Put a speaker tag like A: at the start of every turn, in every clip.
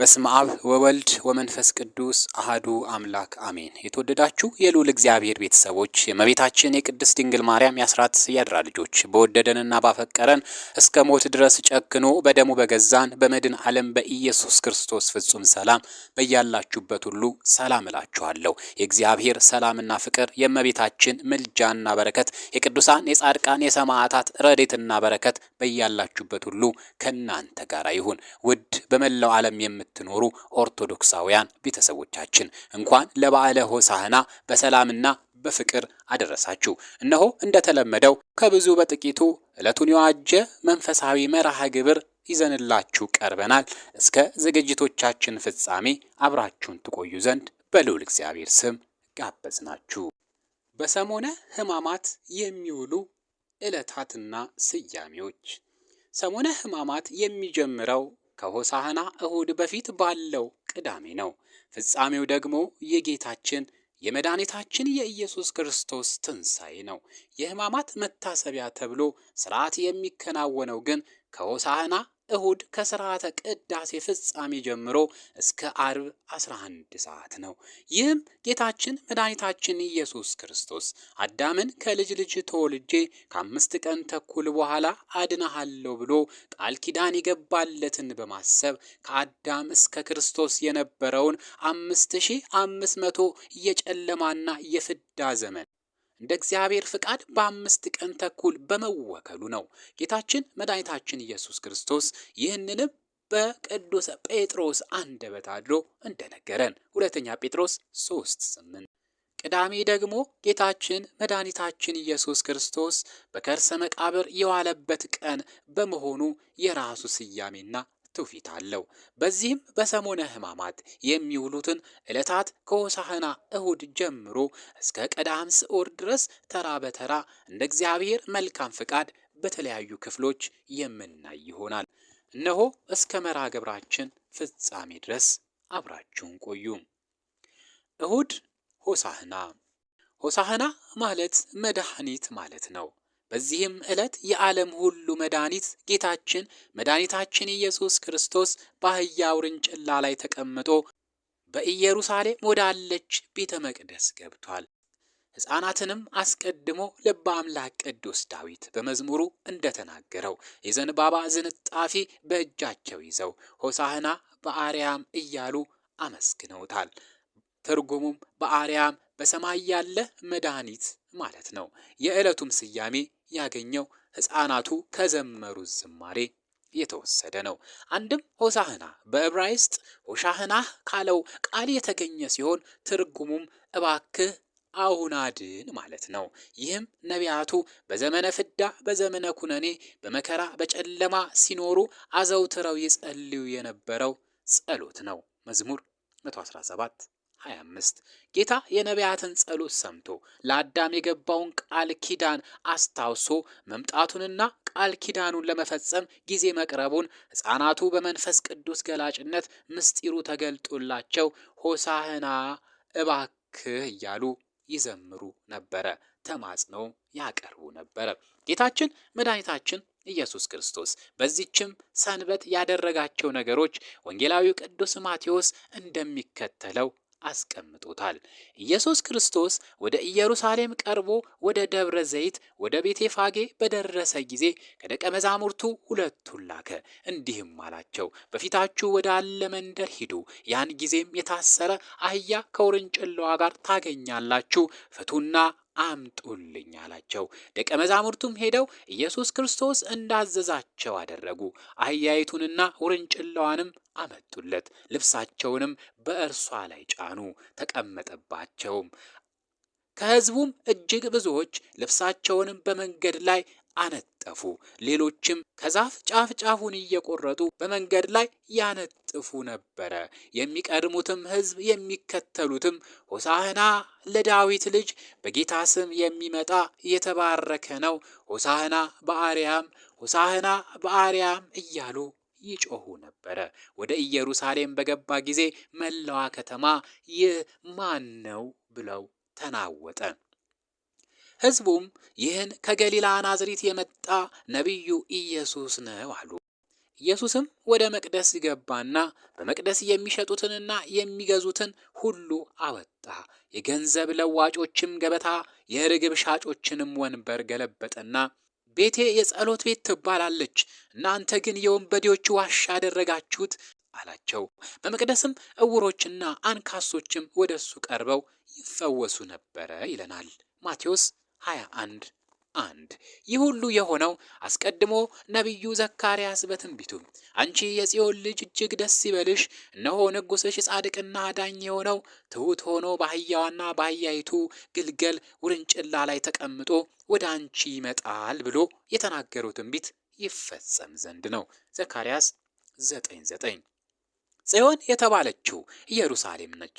A: በስም አብ ወወልድ ወመንፈስ ቅዱስ አህዱ አምላክ አሜን። የተወደዳችሁ የልዑል እግዚአብሔር ቤተሰቦች የእመቤታችን የቅድስት ድንግል ማርያም የአስራት ያድራ ልጆች በወደደንና ባፈቀረን እስከ ሞት ድረስ ጨክኖ በደሙ በገዛን በመድን ዓለም በኢየሱስ ክርስቶስ ፍጹም ሰላም በያላችሁበት ሁሉ ሰላም እላችኋለሁ። የእግዚአብሔር ሰላምና ፍቅር የእመቤታችን ምልጃና በረከት የቅዱሳን የጻድቃን የሰማዕታት ረዴትና በረከት በያላችሁበት ሁሉ ከእናንተ ጋር ይሁን። ውድ በመላው ዓለም የምት የምትኖሩ ኦርቶዶክሳውያን ቤተሰቦቻችን እንኳን ለበዓለ ሆሳዕና በሰላምና በፍቅር አደረሳችሁ። እነሆ እንደተለመደው ከብዙ በጥቂቱ ዕለቱን የዋጀ መንፈሳዊ መርሃ ግብር ይዘንላችሁ ቀርበናል። እስከ ዝግጅቶቻችን ፍጻሜ አብራችሁን ትቆዩ ዘንድ በልዑል እግዚአብሔር ስም ጋበዝናችሁ።
B: በሰሞነ ሕማማት የሚውሉ ዕለታትና ስያሜዎች ሰሞነ ሕማማት የሚጀምረው ከሆሳህና እሁድ በፊት ባለው ቅዳሜ ነው። ፍጻሜው ደግሞ የጌታችን የመድኃኒታችን የኢየሱስ ክርስቶስ ትንሣኤ ነው። የሕማማት መታሰቢያ ተብሎ ሥርዓት የሚከናወነው ግን ከሆሳህና እሁድ ከስርዓተ ቅዳሴ ፍጻሜ ጀምሮ እስከ አርብ 11 ሰዓት ነው። ይህም ጌታችን መድኃኒታችን ኢየሱስ ክርስቶስ አዳምን ከልጅ ልጅ ተወልጄ ከአምስት ቀን ተኩል በኋላ አድናሃለሁ ብሎ ቃል ኪዳን የገባለትን በማሰብ ከአዳም እስከ ክርስቶስ የነበረውን አምስት ሺህ አምስት መቶ የጨለማና የፍዳ ዘመን እንደ እግዚአብሔር ፍቃድ በአምስት ቀን ተኩል በመወከሉ ነው። ጌታችን መድኃኒታችን ኢየሱስ ክርስቶስ ይህንንም በቅዱስ ጴጥሮስ አንደበት አድሮ እንደነገረን ሁለተኛ ጴጥሮስ 3 8። ቅዳሜ ደግሞ ጌታችን መድኃኒታችን ኢየሱስ ክርስቶስ በከርሰ መቃብር የዋለበት ቀን በመሆኑ የራሱ ስያሜና ትውፊት አለው። በዚህም በሰሞነ ሕማማት የሚውሉትን ዕለታት ከሆሳዕና እሁድ ጀምሮ እስከ ቀዳም ስዑር ድረስ ተራ በተራ እንደ እግዚአብሔር መልካም ፍቃድ በተለያዩ ክፍሎች የምናይ ይሆናል። እነሆ እስከ መርሃ ግብራችን ፍጻሜ ድረስ አብራችሁን ቆዩ። እሁድ ሆሳዕና ሆሳዕና ማለት መድኃኒት ማለት ነው። በዚህም ዕለት የዓለም ሁሉ መድኃኒት ጌታችን መድኃኒታችን ኢየሱስ ክርስቶስ በአህያ ውርንጭላ ላይ ተቀምጦ በኢየሩሳሌም ወዳለች ቤተ መቅደስ ገብቷል። ሕፃናትንም አስቀድሞ ልበ አምላክ ቅዱስ ዳዊት በመዝሙሩ እንደተናገረው የዘንባባ ዝንጣፊ በእጃቸው ይዘው ሆሳህና በአርያም እያሉ አመስግነውታል። ትርጉሙም በአርያም በሰማይ ያለ መድኃኒት ማለት ነው። የዕለቱም ስያሜ ያገኘው ሕፃናቱ ከዘመሩት ዝማሬ የተወሰደ ነው። አንድም ሆሳህና በዕብራይስጥ ሆሻህና ካለው ቃል የተገኘ ሲሆን ትርጉሙም እባክህ አሁን አድን ማለት ነው። ይህም ነቢያቱ በዘመነ ፍዳ፣ በዘመነ ኩነኔ፣ በመከራ በጨለማ ሲኖሩ አዘውትረው ይጸልዩ የነበረው ጸሎት ነው። መዝሙር 117 25 ጌታ የነቢያትን ጸሎት ሰምቶ ለአዳም የገባውን ቃል ኪዳን አስታውሶ መምጣቱንና ቃል ኪዳኑን ለመፈጸም ጊዜ መቅረቡን ሕፃናቱ በመንፈስ ቅዱስ ገላጭነት ምስጢሩ ተገልጦላቸው ሆሳህና እባክህ እያሉ ይዘምሩ ነበረ፣ ተማጽነው ያቀርቡ ነበረ። ጌታችን መድኃኒታችን ኢየሱስ ክርስቶስ በዚችም ሰንበት ያደረጋቸው ነገሮች ወንጌላዊው ቅዱስ ማቴዎስ እንደሚከተለው አስቀምጦታል። ኢየሱስ ክርስቶስ ወደ ኢየሩሳሌም ቀርቦ ወደ ደብረ ዘይት ወደ ቤተ ፋጌ በደረሰ ጊዜ ከደቀ መዛሙርቱ ሁለቱን ላከ፣ እንዲህም አላቸው፣ በፊታችሁ ወዳለ መንደር ሂዱ፣ ያን ጊዜም የታሰረ አህያ ከውርንጭላዋ ጋር ታገኛላችሁ፣ ፍቱና አምጡልኝ አላቸው። ደቀ መዛሙርቱም ሄደው ኢየሱስ ክርስቶስ እንዳዘዛቸው አደረጉ። አህያይቱንና ውርንጭላዋንም አመጡለት። ልብሳቸውንም በእርሷ ላይ ጫኑ፣ ተቀመጠባቸውም። ከሕዝቡም እጅግ ብዙዎች ልብሳቸውንም በመንገድ ላይ አነጠፉ። ሌሎችም ከዛፍ ጫፍ ጫፉን እየቆረጡ በመንገድ ላይ ያነጥፉ ነበረ። የሚቀድሙትም ሕዝብ የሚከተሉትም ሆሳህና ለዳዊት ልጅ በጌታ ስም የሚመጣ የተባረከ ነው፣ ሆሳህና በአርያም፣ ሆሳህና በአርያም እያሉ ይጮሁ ነበረ። ወደ ኢየሩሳሌም በገባ ጊዜ መላዋ ከተማ ይህ ማን ነው ብለው ተናወጠ። ሕዝቡም ይህን ከገሊላ ናዝሬት የመጣ ነቢዩ ኢየሱስ ነው አሉ። ኢየሱስም ወደ መቅደስ ገባና በመቅደስ የሚሸጡትንና የሚገዙትን ሁሉ አወጣ። የገንዘብ ለዋጮችም ገበታ የርግብ ሻጮችንም ወንበር ገለበጠና ቤቴ የጸሎት ቤት ትባላለች፣ እናንተ ግን የወንበዴዎች ዋሻ ያደረጋችሁት አላቸው። በመቅደስም እውሮችና አንካሶችም ወደ እሱ ቀርበው ይፈወሱ ነበረ ይለናል ማቴዎስ 21 አንድ ይህ ሁሉ የሆነው አስቀድሞ ነቢዩ ዘካርያስ በትንቢቱ አንቺ የጽዮን ልጅ እጅግ ደስ ይበልሽ፣ እነሆ ንጉሥሽ ጻድቅና አዳኝ የሆነው ትሑት ሆኖ በአህያዋና በአህያይቱ ግልገል ውርንጭላ ላይ ተቀምጦ ወደ አንቺ ይመጣል ብሎ የተናገረው ትንቢት ይፈጸም ዘንድ ነው። ዘካርያስ 9፥9 ጽዮን የተባለችው ኢየሩሳሌም ነች።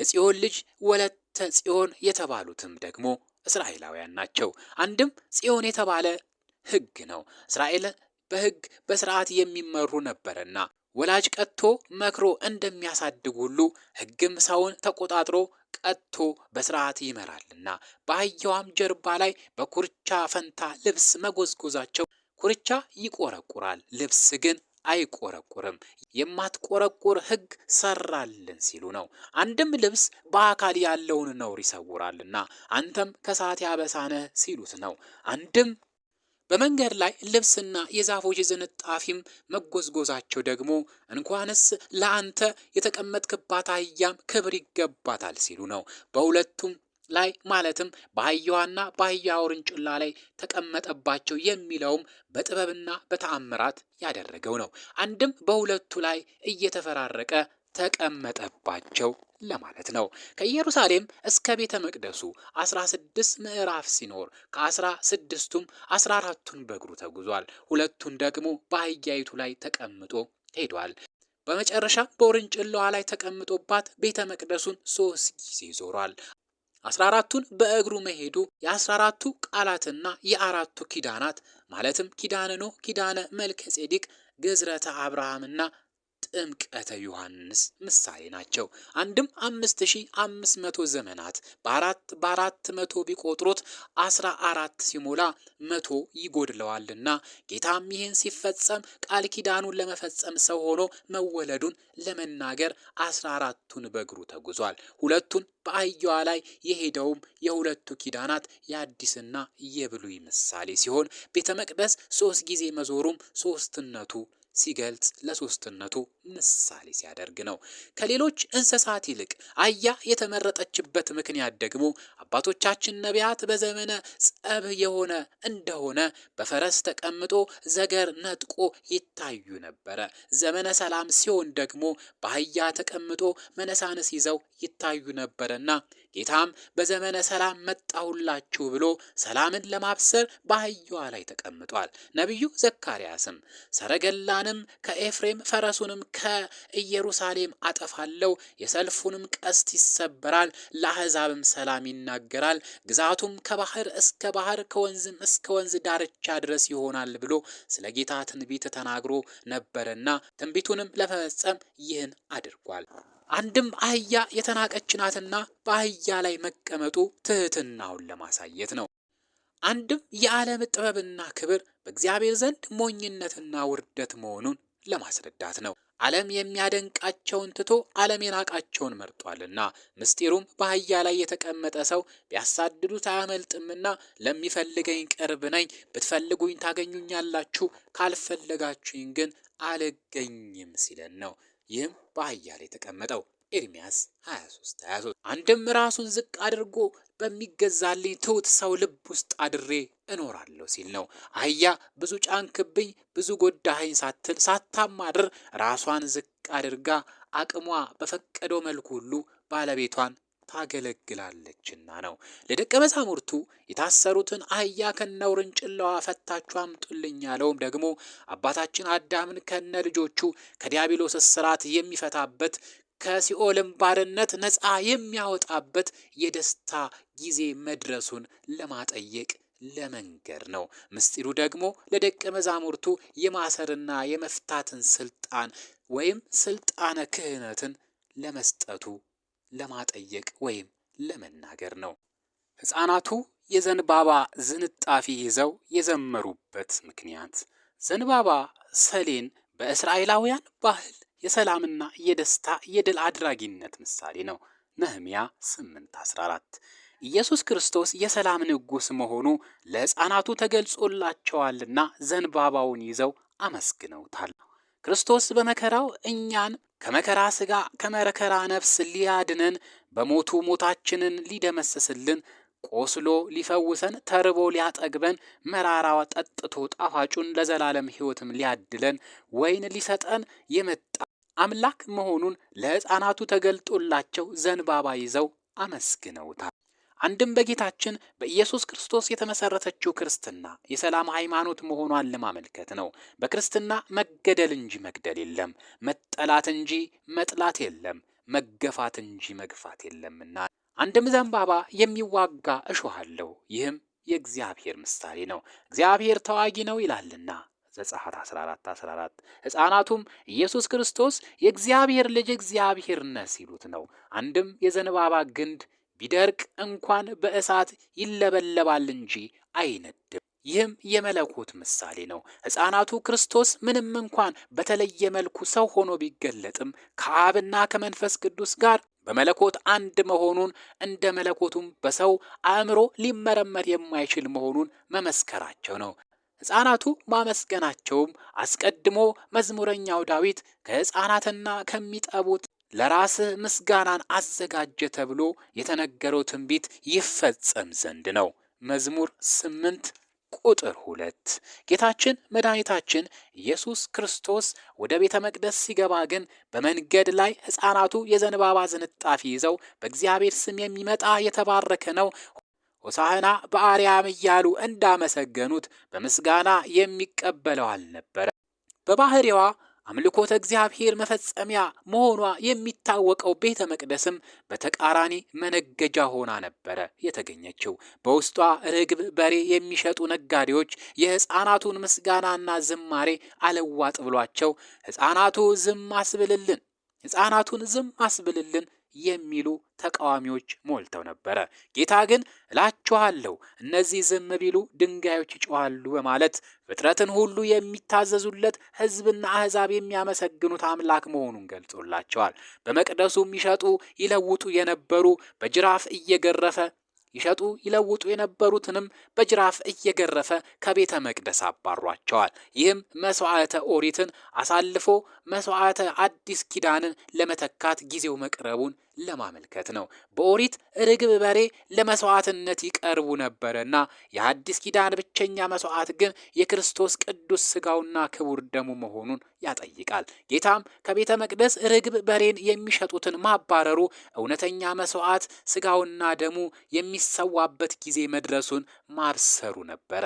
B: የጽዮን ልጅ ወለተ ጽዮን የተባሉትም ደግሞ እስራኤላውያን ናቸው። አንድም ጽዮን የተባለ ህግ ነው። እስራኤል በህግ በስርዓት የሚመሩ ነበርና ወላጅ ቀጥቶ መክሮ እንደሚያሳድግ ሁሉ ህግም ሰውን ተቆጣጥሮ ቀጥቶ በስርዓት ይመራልና በአህያዋም ጀርባ ላይ በኩርቻ ፈንታ ልብስ መጎዝጎዛቸው ኩርቻ ይቆረቁራል፣ ልብስ ግን አይቆረቁርም፣ የማትቆረቁር ህግ ሰራልን ሲሉ ነው። አንድም ልብስ በአካል ያለውን ነውር ይሰውራልና አንተም ከሳት ያበሳነህ ሲሉት ነው። አንድም በመንገድ ላይ ልብስና የዛፎች ዝንጣፊም መጎዝጎዛቸው ደግሞ እንኳንስ ለአንተ የተቀመጥክባት አህያም ክብር ይገባታል ሲሉ ነው። በሁለቱም ላይ ማለትም በአህያዋና በአህያ ውርንጭላ ላይ ተቀመጠባቸው የሚለውም በጥበብና በተአምራት ያደረገው ነው። አንድም በሁለቱ ላይ እየተፈራረቀ ተቀመጠባቸው ለማለት ነው። ከኢየሩሳሌም እስከ ቤተ መቅደሱ 16 ምዕራፍ ሲኖር ከ16ቱም 14ቱን በእግሩ ተጉዟል። ሁለቱን ደግሞ በአህያይቱ ላይ ተቀምጦ ሄዷል። በመጨረሻ በውርንጭላዋ ላይ ተቀምጦባት ቤተ መቅደሱን ሶስት ጊዜ ዞሯል። አስራ አራቱን በእግሩ መሄዱ የአስራ አራቱ ቃላትና የአራቱ ኪዳናት ማለትም ኪዳነ ኖህ፣ ኪዳነ መልከ ጼዴቅ፣ ግዝረተ አብርሃምና ጥምቀተ ዮሐንስ ምሳሌ ናቸው። አንድም አምስት ሺ አምስት መቶ ዘመናት በአራት በአራት መቶ ቢቆጥሩት አስራ አራት ሲሞላ መቶ ይጎድለዋልና ጌታም ይህን ሲፈጸም ቃል ኪዳኑን ለመፈጸም ሰው ሆኖ መወለዱን ለመናገር አስራ አራቱን በእግሩ ተጉዟል። ሁለቱን በአህያዋ ላይ የሄደውም የሁለቱ ኪዳናት የአዲስና የብሉይ ምሳሌ ሲሆን ቤተ መቅደስ ሶስት ጊዜ መዞሩም ሶስትነቱ ሲገልጽ ለሶስትነቱ ምሳሌ ሲያደርግ ነው። ከሌሎች እንስሳት ይልቅ አህያ የተመረጠችበት ምክንያት ደግሞ አባቶቻችን ነቢያት በዘመነ ጸብ የሆነ እንደሆነ በፈረስ ተቀምጦ ዘገር ነጥቆ ይታዩ ነበረ። ዘመነ ሰላም ሲሆን ደግሞ በአህያ ተቀምጦ መነሳነስ ይዘው ይታዩ ነበረና ጌታም በዘመነ ሰላም መጣሁላችሁ ብሎ ሰላምን ለማብሰር በአህያዋ ላይ ተቀምጧል። ነቢዩ ዘካርያስም ሰረገላንም ከኤፍሬም ፈረሱንም ከኢየሩሳሌም አጠፋለው፣ የሰልፉንም ቀስት ይሰበራል፣ ለአሕዛብም ሰላም ይናገራል፣ ግዛቱም ከባህር እስከ ባህር ከወንዝም እስከ ወንዝ ዳርቻ ድረስ ይሆናል ብሎ ስለ ጌታ ትንቢት ተናግሮ ነበርና ትንቢቱንም ለመፈጸም ይህን አድርጓል። አንድም አህያ የተናቀች ናትና በአህያ ላይ መቀመጡ ትህትናውን ለማሳየት ነው። አንድም የዓለም ጥበብና ክብር በእግዚአብሔር ዘንድ ሞኝነትና ውርደት መሆኑን ለማስረዳት ነው። ዓለም የሚያደንቃቸውን ትቶ ዓለም የናቃቸውን መርጧልና፣ ምስጢሩም በአህያ ላይ የተቀመጠ ሰው ቢያሳድዱት አያመልጥምና ለሚፈልገኝ ቅርብ ነኝ፣ ብትፈልጉኝ ታገኙኛላችሁ፣ ካልፈለጋችሁኝ ግን አልገኝም ሲለን ነው። ይህም በአህያ ላይ የተቀመጠው ኤርሚያስ 23 23 አንድም ራሱን ዝቅ አድርጎ በሚገዛልኝ ትሑት ሰው ልብ ውስጥ አድሬ እኖራለሁ ሲል ነው። አህያ ብዙ ጫንክብኝ፣ ብዙ ጎዳኸኝ ሳትል ሳታማድር ራሷን ዝቅ አድርጋ አቅሟ በፈቀደው መልኩ ሁሉ ባለቤቷን ታገለግላለችና ነው። ለደቀ መዛሙርቱ የታሰሩትን አህያ ከነ ውርንጭላዋ ፈታችሁ አምጡልኝ ያለውም ደግሞ አባታችን አዳምን ከነ ልጆቹ ከዲያብሎስ እስራት የሚፈታበት ከሲኦልም ባርነት ነፃ የሚያወጣበት የደስታ ጊዜ መድረሱን ለማጠየቅ ለመንገር ነው። ምስጢሩ ደግሞ ለደቀ መዛሙርቱ የማሰርና የመፍታትን ስልጣን ወይም ስልጣነ ክህነትን ለመስጠቱ ለማጠየቅ ወይም ለመናገር ነው። ሕፃናቱ የዘንባባ ዝንጣፊ ይዘው የዘመሩበት ምክንያት ዘንባባ ሰሌን በእስራኤላውያን ባህል የሰላምና የደስታ የድል አድራጊነት ምሳሌ ነው። ነህምያ 8:14 ኢየሱስ ክርስቶስ የሰላም ንጉሥ መሆኑ ለሕፃናቱ ተገልጾላቸዋልና ዘንባባውን ይዘው አመስግነውታል። ክርስቶስ በመከራው እኛን ከመከራ ሥጋ ከመከራ ነፍስ ሊያድነን በሞቱ ሞታችንን ሊደመስስልን ቆስሎ ሊፈውሰን ተርቦ ሊያጠግበን መራራ ጠጥቶ ጣፋጩን ለዘላለም ሕይወትም ሊያድለን ወይን ሊሰጠን የመጣ አምላክ መሆኑን ለሕፃናቱ ተገልጦላቸው ዘንባባ ይዘው አመስግነውታል። አንድም በጌታችን በኢየሱስ ክርስቶስ የተመሰረተችው ክርስትና የሰላም ሃይማኖት መሆኗን ለማመልከት ነው። በክርስትና መገደል እንጂ መግደል የለም፣ መጠላት እንጂ መጥላት የለም፣ መገፋት እንጂ መግፋት የለምና አንድም ዘንባባ የሚዋጋ እሾህ አለው። ይህም የእግዚአብሔር ምሳሌ ነው። እግዚአብሔር ተዋጊ ነው ይላልና ዘጸአት 14 14 ሕፃናቱም ኢየሱስ ክርስቶስ የእግዚአብሔር ልጅ እግዚአብሔር ነህ ሲሉት ነው። አንድም የዘንባባ ግንድ ቢደርቅ እንኳን በእሳት ይለበለባል እንጂ አይነድም። ይህም የመለኮት ምሳሌ ነው። ሕፃናቱ ክርስቶስ ምንም እንኳን በተለየ መልኩ ሰው ሆኖ ቢገለጥም ከአብና ከመንፈስ ቅዱስ ጋር በመለኮት አንድ መሆኑን እንደ መለኮቱም በሰው አእምሮ ሊመረመር የማይችል መሆኑን መመስከራቸው ነው። ሕፃናቱ ማመስገናቸውም አስቀድሞ መዝሙረኛው ዳዊት ከሕፃናትና ከሚጠቡት ለራስህ ምስጋናን አዘጋጀ ተብሎ የተነገረው ትንቢት ይፈጸም ዘንድ ነው። መዝሙር ስምንት ቁጥር ሁለት ጌታችን መድኃኒታችን ኢየሱስ ክርስቶስ ወደ ቤተ መቅደስ ሲገባ ግን በመንገድ ላይ ሕፃናቱ የዘንባባ ዝንጣፊ ይዘው በእግዚአብሔር ስም የሚመጣ የተባረከ ነው ሆሳህና በአርያም እያሉ እንዳመሰገኑት በምስጋና የሚቀበለው አልነበረ በባህሪዋ አምልኮተ እግዚአብሔር መፈጸሚያ መሆኗ የሚታወቀው ቤተ መቅደስም በተቃራኒ መነገጃ ሆና ነበረ የተገኘችው። በውስጧ ርግብ፣ በሬ የሚሸጡ ነጋዴዎች የሕፃናቱን ምስጋናና ዝማሬ አለዋጥ ብሏቸው ሕፃናቱ ዝም አስብልልን፣ ሕፃናቱን ዝም አስብልልን የሚሉ ተቃዋሚዎች ሞልተው ነበረ። ጌታ ግን እላችኋለሁ እነዚህ ዝም ቢሉ ድንጋዮች ይጮኻሉ በማለት ፍጥረትን ሁሉ የሚታዘዙለት ሕዝብና አሕዛብ የሚያመሰግኑት አምላክ መሆኑን ገልጾላቸዋል። በመቅደሱ የሚሸጡ ይለውጡ የነበሩ በጅራፍ እየገረፈ ይሸጡ ይለውጡ የነበሩትንም በጅራፍ እየገረፈ ከቤተ መቅደስ አባሯቸዋል። ይህም መስዋዕተ ኦሪትን አሳልፎ መስዋዕተ አዲስ ኪዳንን ለመተካት ጊዜው መቅረቡን ለማመልከት ነው። በኦሪት ርግብ በሬ ለመስዋዕትነት ይቀርቡ ነበርና የአዲስ ኪዳን ብቸኛ መስዋዕት ግን የክርስቶስ ቅዱስ ስጋውና ክቡር ደሙ መሆኑን ያጠይቃል። ጌታም ከቤተ መቅደስ ርግብ በሬን የሚሸጡትን ማባረሩ እውነተኛ መስዋዕት ስጋውና ደሙ የሚሰዋበት ጊዜ መድረሱን ማብሰሩ ነበረ።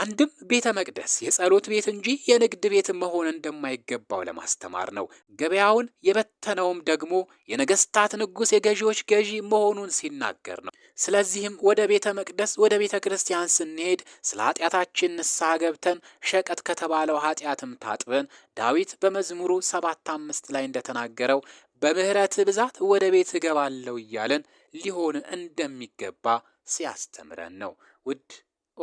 B: አንድም ቤተ መቅደስ የጸሎት ቤት እንጂ የንግድ ቤት መሆን እንደማይገባው ለማስተማር ነው። ገበያውን የበተነውም ደግሞ የነገስታት ንጉሥ የገዢዎች ገዢ መሆኑን ሲናገር ነው። ስለዚህም ወደ ቤተ መቅደስ ወደ ቤተ ክርስቲያን ስንሄድ ስለ ኃጢአታችን ንስሐ ገብተን ሸቀጥ ከተባለው ኃጢአትም ታጥበን ዳዊት በመዝሙሩ ሰባት አምስት ላይ እንደተናገረው በምሕረት ብዛት ወደ ቤት እገባለሁ እያለን ሊሆን እንደሚገባ ሲያስተምረን ነው ውድ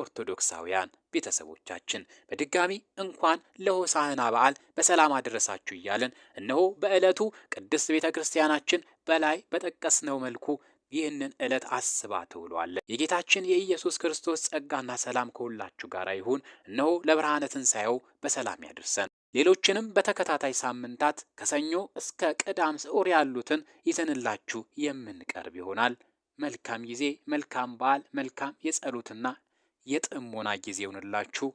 B: ኦርቶዶክሳውያን ቤተሰቦቻችን በድጋሚ እንኳን ለሆሳዕና በዓል በሰላም አደረሳችሁ እያልን እነሆ በዕለቱ ቅድስት ቤተ ክርስቲያናችን በላይ በጠቀስነው መልኩ ይህንን ዕለት አስባ ትውሏለች። የጌታችን የኢየሱስ ክርስቶስ ጸጋና ሰላም ከሁላችሁ ጋር ይሁን። እነሆ ለብርሃነ ትንሣኤው በሰላም ያድርሰን። ሌሎችንም በተከታታይ ሳምንታት ከሰኞ እስከ ቅዳም ስዑር ያሉትን ይዘንላችሁ የምንቀርብ ይሆናል። መልካም ጊዜ፣ መልካም በዓል፣ መልካም የጸሎትና የጥሞና ጊዜ ይሆንላችሁ።